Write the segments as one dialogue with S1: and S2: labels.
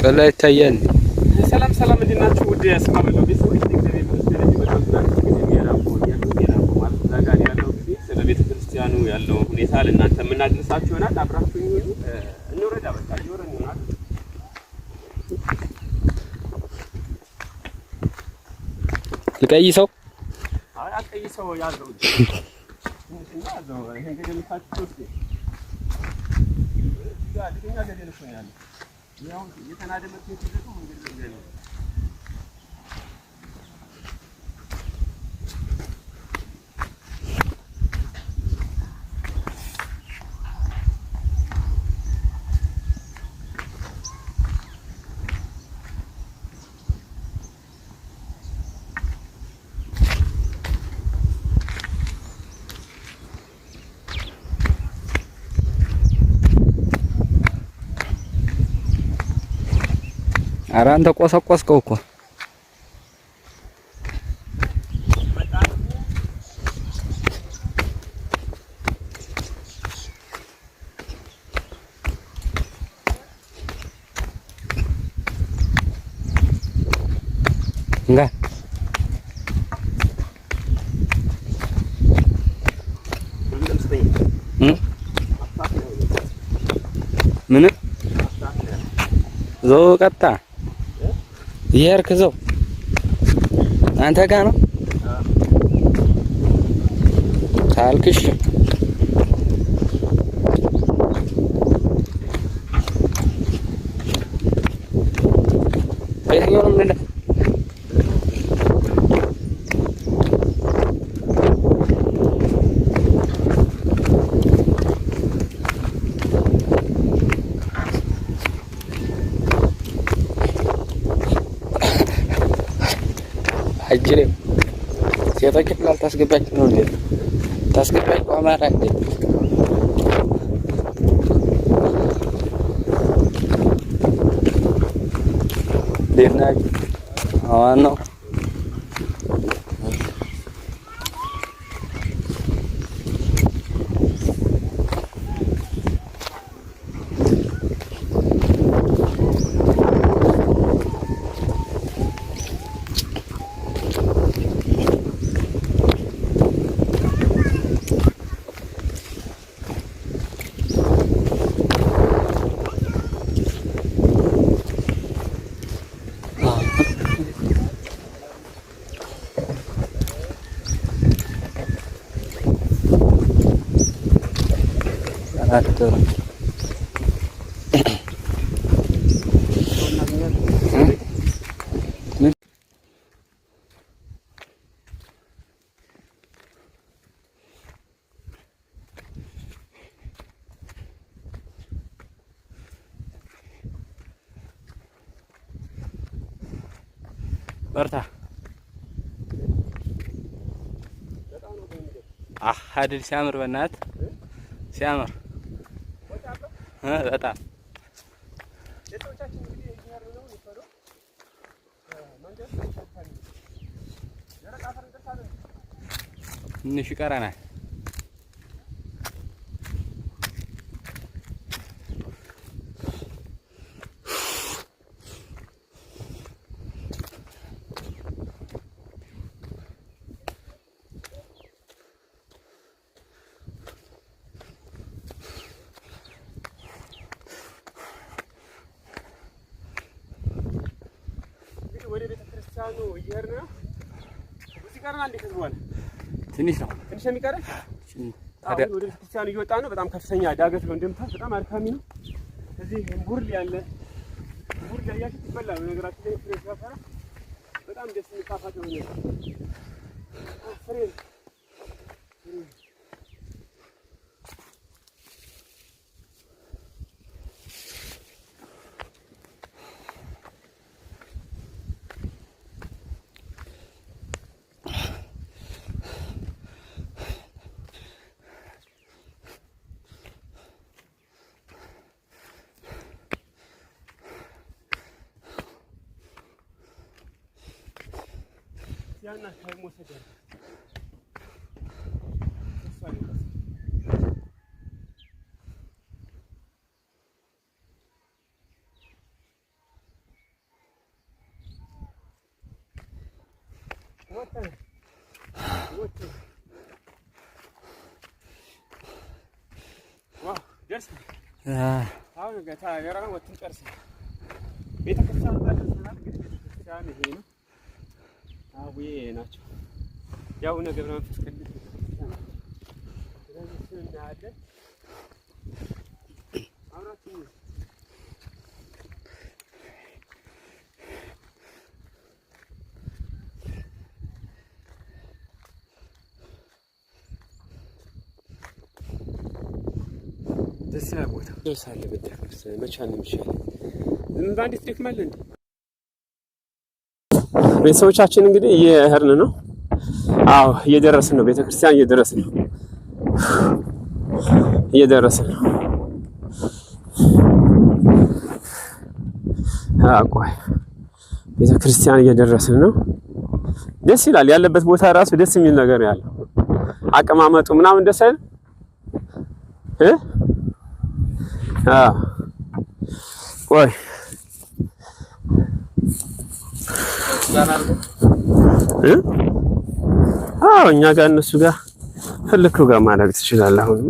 S1: ቀላ ይታያል።
S2: ሰላም ሰላም፣ እንዴት ናችሁ? ውድ ያስማበለው ቤተሰቦች ያለው ሁኔታ ለእናንተ የምናደርሳችሁ ይሆናል። አብራችሁ ይሁኑ። እንውረዳ በቃ ይወረን ይሆናል። ልቀይሰው አልቀይሰው ያዘው ያዘው ይሄ ገደል ያለ ያው
S1: ኧረ አንተ ቆሰቆስከው እኮ እንጋ ምንም ዘው ቀጣ ይሄርክ ዘው አንተ ጋ ነው ካልክሽ አይችልም። ሴቶች ክፍላል ታስገባችሁ ነው እንዴ? ታስገባችሁ አማራ እንዴ? እንዴት ናችሁ? አዋን ነው الدورة برتا هذا سامر بنات سامر በጣም ትንሽ ይቀረናል። ትንሽ ነው
S2: ትንሽ የሚቀረን። ወደ ቤተክርስቲያኑ እየወጣን ነው። በጣም ከፍተኛ ዳገት ነው እንደምታስ፣ በጣም አድካሚ ነው። እዚህ እምቡርል ያለ እምቡርል ያያችሁ ይበላል። ነገራችን ላይ ፍሬ ሲያፈራ በጣም ደስ የሚጣፋጭ ነው። ፍሬ ያን አካባቢ መውሰድ ያለ እሱ አይነት አሁን ገታ የራን ወጥን ጨርሰን ቤተክርስቲያን ቤተክርስቲያን ይሄ ነው። አዊ ናቸው። የአቡነ ገብረ መንፈስ ቅዱስ ስለዚህ እናያለን። አብራችሁ ደስ ይላል ቦታ
S1: ደስ አለ ቤተክርስቲያን መቻል ነው የሚሻለው።
S2: ዝም ብላ ደክማለህ እንዴ?
S1: ቤተሰቦቻችን እንግዲህ እየህርን ነው። አዎ እየደረስን ነው። ቤተክርስቲያን እየደረስን ነው። እየደረስን ነው። አቋይ ቤተክርስቲያን እየደረስን ነው። ደስ ይላል። ያለበት ቦታ ራሱ ደስ የሚል ነገር ያለው አቀማመጡ ምናምን ደስ አይል እ አዎ ቆይ አዎ እኛ ጋር እነሱ ጋር ፍልክ ጋር ማድረግ ትችላለህ። አሁን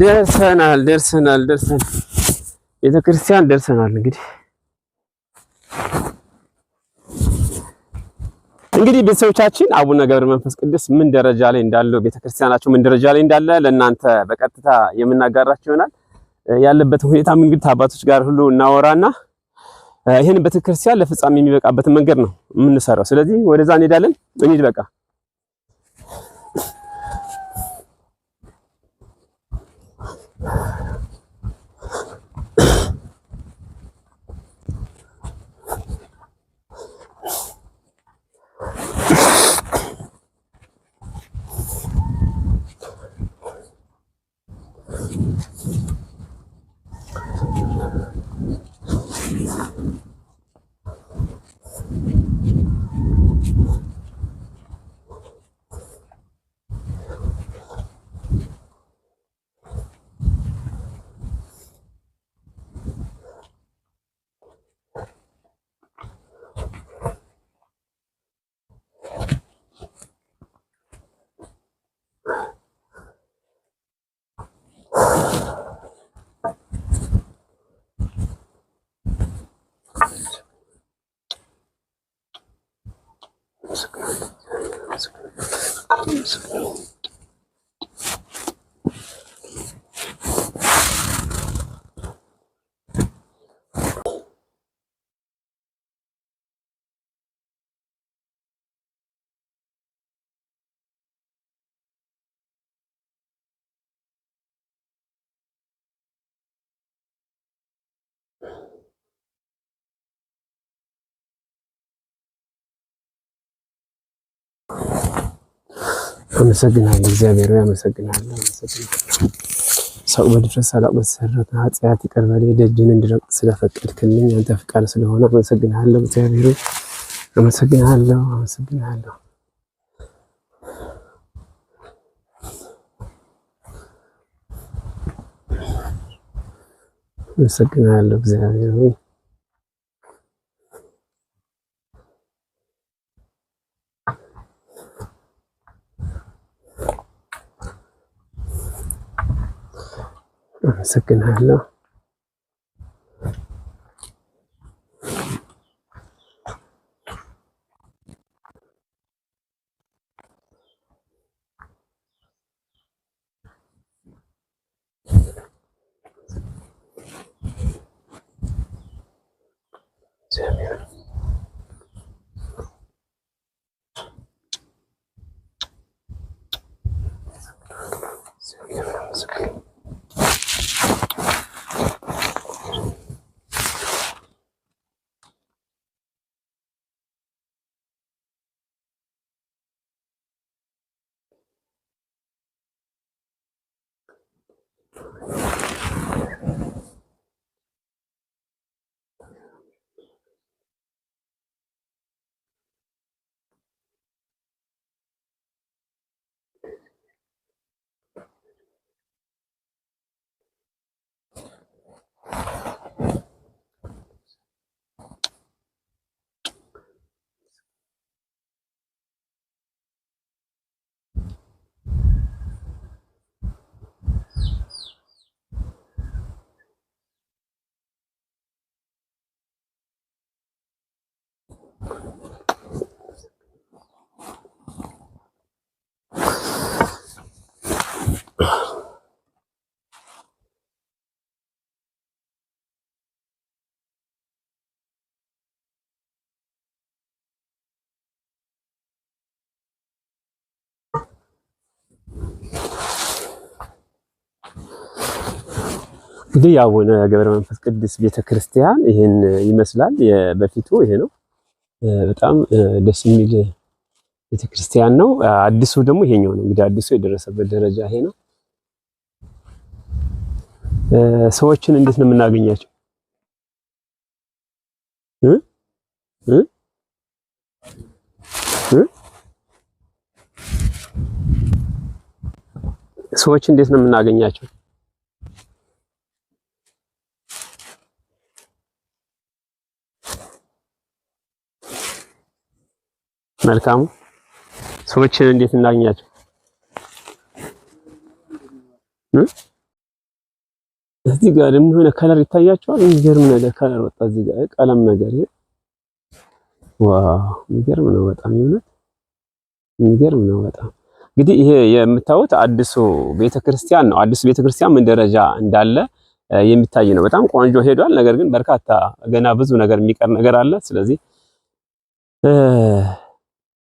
S1: ደርሰናል ደርሰናል ደርሰን ቤተ ክርስቲያን ደርሰናል። እንግዲህ እንግዲህ ቤተሰቦቻችን አቡነ ገብረ መንፈስ ቅዱስ ምን ደረጃ ላይ እንዳለው ቤተክርስቲያናቸው ምን ደረጃ ላይ እንዳለ ለእናንተ በቀጥታ የምናጋራችሁ ይሆናል። ያለበት ሁኔታ እንግዲህ አባቶች ጋር ሁሉ እናወራና ይህን ቤተክርስቲያን ለፍጻሜ የሚበቃበትን መንገድ ነው የምንሰራው። ስለዚህ ወደዛ እንሄዳለን። እንሂድ በቃ principle አመሰግናለሁ። እግዚአብሔር ሆይ አመሰግናለሁ፣ አመሰግናለሁ። ሳቅ በድፍረት ሳላቅ በተሰረት ኃጢአት ይቅር በለኝ፣ ደጅን እንድረቅ ስለፈቀድክልኝ አንተ ፍቃድ ስለሆነ አመሰግናለሁ። እግዚአብሔር ሆይ አመሰግናለሁ፣ አመሰግናለሁ። አመሰግናለሁ እግዚአብሔር ሆይ second hello Thank you. እንግዲህ የአቡነ ገብረ መንፈስ ቅዱስ ቤተክርስቲያን ይህን ይመስላል። በፊቱ ይሄ ነው። በጣም ደስ የሚል ቤተክርስቲያን ነው። አዲሱ ደግሞ ይሄኛው ነው። እንግዲህ አዲሱ የደረሰበት ደረጃ ይሄ ነው። ሰዎችን እንዴት ነው የምናገኛቸው? ሰዎች እንዴት ነው የምናገኛቸው? መልካሙ ሰዎችን እንዴት እናገኛቸው? እዚህ ጋር ደግሞ የሆነ ከለር ይታያቸዋል። የሚገርም ነገር ከለር ወጣ። እዚህ ጋር ቀለም ነገር ይሄ ዋው የሚገርም ነው በጣም የእውነት የሚገርም ነው በጣም እንግዲህ ይሄ የምታዩት አዲሱ ቤተክርስቲያን ነው። አዲሱ ቤተክርስቲያን ምን ደረጃ እንዳለ የሚታይ ነው። በጣም ቆንጆ ሄዷል። ነገር ግን በርካታ ገና ብዙ ነገር የሚቀር ነገር አለ። ስለዚህ